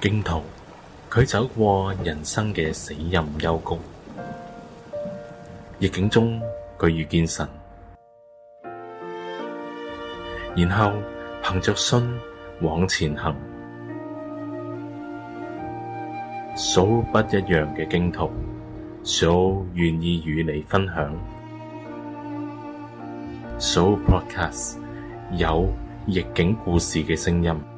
荊徒，佢走過人生嘅死蔭幽谷，逆境中佢遇見神，然後憑着信往前行。Sooo 不一樣嘅荊徒，Sooo 願意與你分享，Sooopodcast 有逆境故事嘅聲音。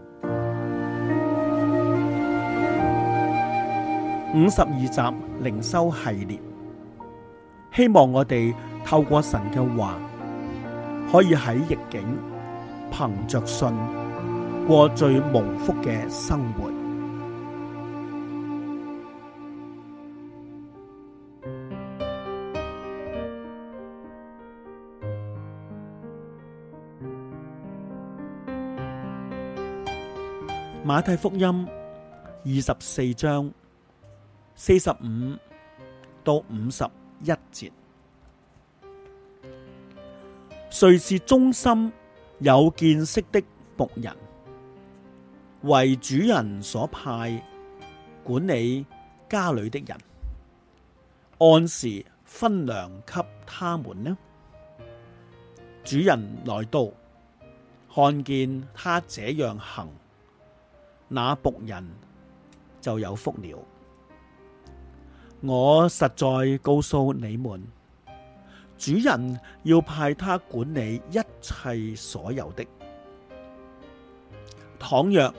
五十二集靈修系列，希望我哋透過神嘅話，可以喺逆境，憑着信過最蒙福嘅生活。馬太福音二十四章。四十五到五十一節，誰是忠心有見識的僕人？為主人所派管理家裏的人，按時分糧給他們呢？主人來到，看見他這樣行，那僕人就有福了。我實在告訴你們，主人要派他管理一切所有的。倘若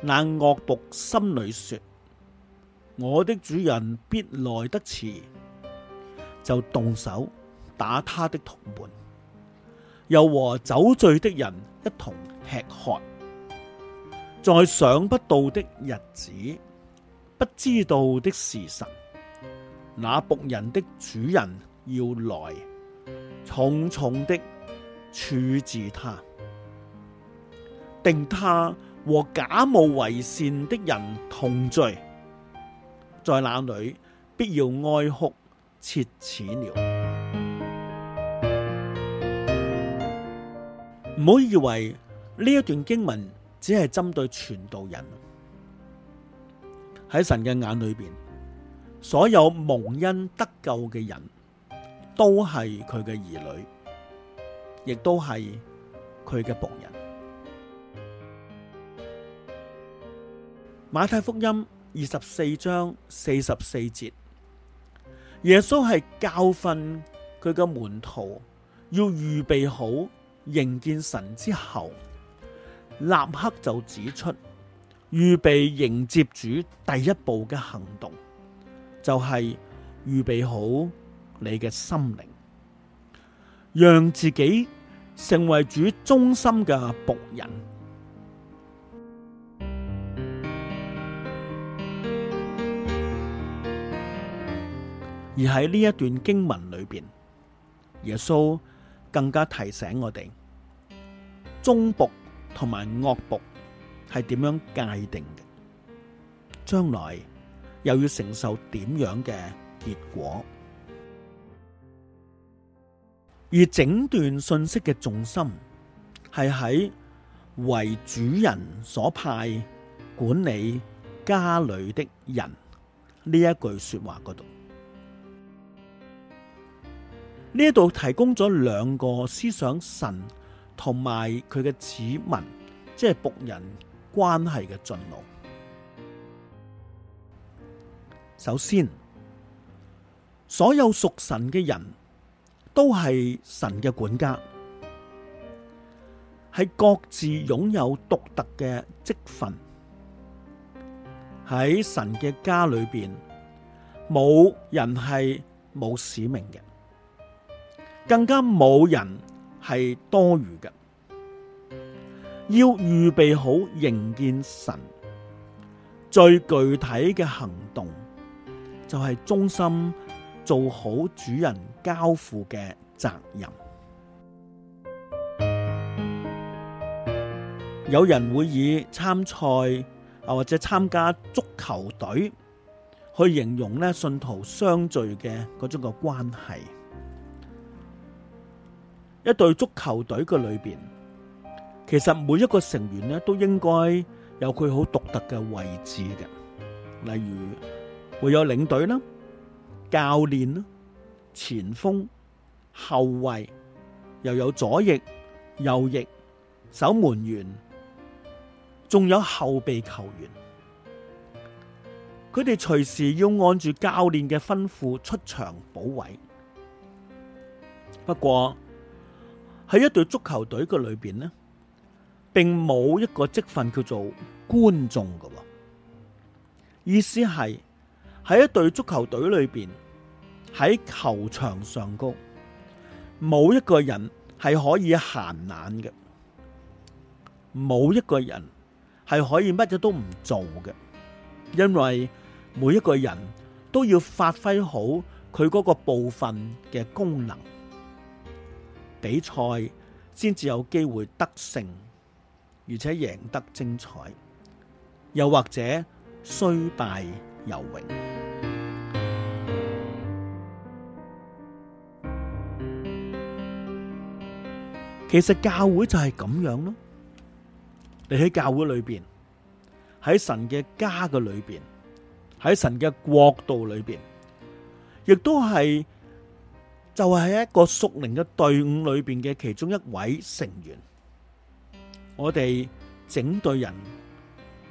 那惡僕心裏說：我的主人必來得遲，就動手打他的同伴，又和酒醉的人一同吃喝，在想不到的日子，不知道的時辰。那僕人的主人要來，重重的處置他，定他和假冒為善的人同罪。在那裏，必要哀哭切齒了。唔好以為呢一段經文只係針對傳道人，喺神嘅眼裏邊。所有蒙恩得救嘅人都係佢嘅兒女，亦都係佢嘅僕人。馬太福音二十四章四十四節，耶穌係教訓佢嘅門徒要預備好迎見神之後，立刻就指出預備迎接主第一步嘅行動。就係預備好你嘅心靈，讓自己成為主忠心嘅僕人。而喺呢一段經文裏邊，耶穌更加提醒我哋忠僕同埋惡僕係點樣界定嘅，將來，又要承受點樣嘅結果？而整段信息嘅重心係喺為主人所派管理家裡的人呢一句說話嗰度。呢度提供咗兩個思想神同埋佢嘅子民，即係僕人關係嘅進路。首先，所有屬神嘅人都係神嘅管家，係各自擁有獨特嘅職份。喺神嘅家裏邊，冇人係冇使命嘅，更加冇人係多餘嘅。要預備好迎見神最具體嘅行動。就係忠心做好主人交付嘅責任。有人會以參賽啊或者參加足球隊去形容呢信徒相聚嘅嗰種嘅關係。一隊足球隊嘅裏邊，其實每一個成員呢都應該有佢好獨特嘅位置嘅，例如。會有領隊啦、教練啦、前鋒、後衛，又有左翼、右翼、守門員，仲有後備球員。佢哋隨時要按住教練嘅吩咐出場補位。不過喺一隊足球隊嘅裏邊呢，並冇一個職份叫做觀眾㗎，意思係。喺一隊足球隊裏邊，喺球場上高，冇一個人係可以閒懶嘅，冇一個人係可以乜嘢都唔做嘅，因為每一個人都要發揮好佢嗰個部分嘅功能，比賽先至有機會得勝，而且贏得精彩，又或者雖敗猶榮。其實教會就係咁樣咯，你喺教會裏邊，喺神嘅家嘅裏邊，喺神嘅國度裏邊，亦都係就係一個屬靈嘅隊伍裏邊嘅其中一位成員。我哋整隊人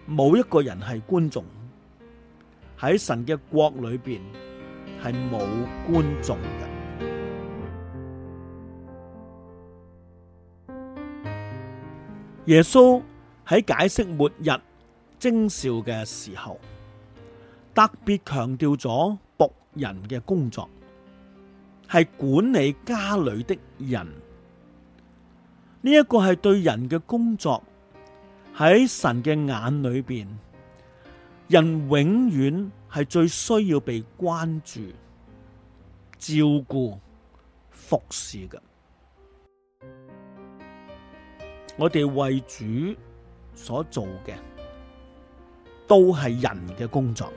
冇一個人係觀眾，喺神嘅國裏邊係冇觀眾嘅。耶穌喺解釋末日徵兆嘅時候，特別強調咗僕人嘅工作係管理家裏的人。呢一個係對人嘅工作，喺神嘅眼裏邊，人永遠係最需要被關注、照顧、服侍嘅。我哋為主所做嘅，都係人嘅工作。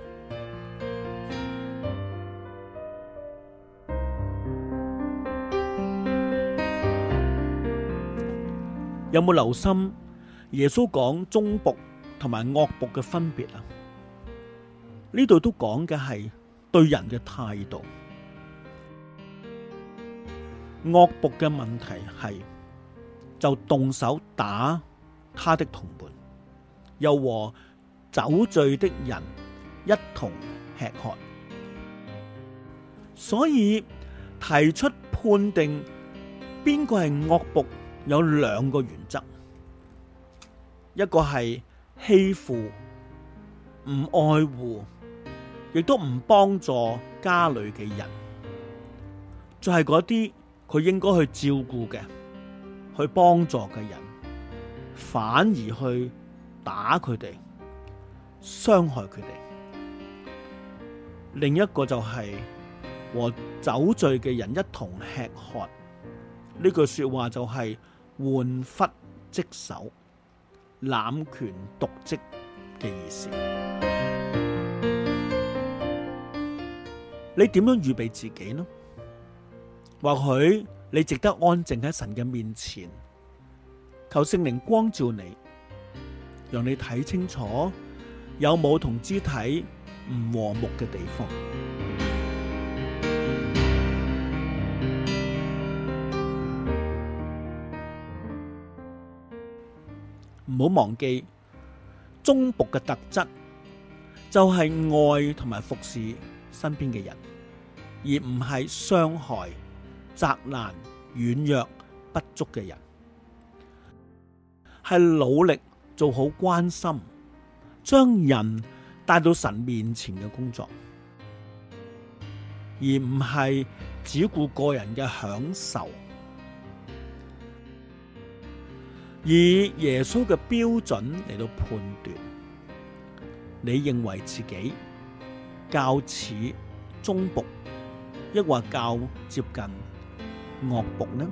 有冇留心，耶穌講忠僕同埋惡僕嘅分別啊？呢度都講嘅係對人嘅態度。惡僕嘅問題係，就動手打他的同伴，又和酒醉的人一同吃喝，所以提出判定邊個係惡僕有兩個原則，一個係欺負、唔愛護，亦都唔幫助家裏嘅人，就係嗰啲佢應該去照顧嘅。去幫助嘅人，反而去打佢哋，傷害佢哋。另一個就係、是、和酒醉嘅人一同吃喝，呢句說話就係玩忽職守、濫權瀆職嘅意思。你點樣預備自己呢？或許。你值得安靜喺神嘅面前，求聖靈光照你，讓你睇清楚有冇同肢體唔和睦嘅地方。唔好忘記忠僕嘅特質，就係愛同埋服侍身邊嘅人，而唔係傷害。責難、軟弱、不足嘅人，係努力做好關心，將人帶到神面前嘅工作，而唔係只顧個人嘅享受。以耶穌嘅標準嚟到判斷，你認為自己較似忠僕，抑或較接近？惡僕呢？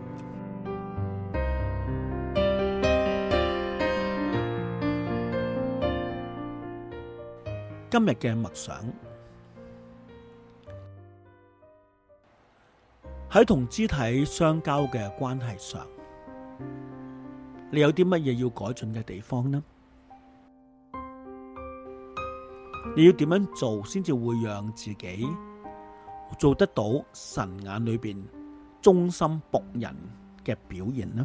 今日嘅默想喺同肢體相交嘅關係上，你有啲乜嘢要改進嘅地方呢？你要點樣做先至會讓自己做得到？神眼裏邊？忠心僕人嘅表現呢？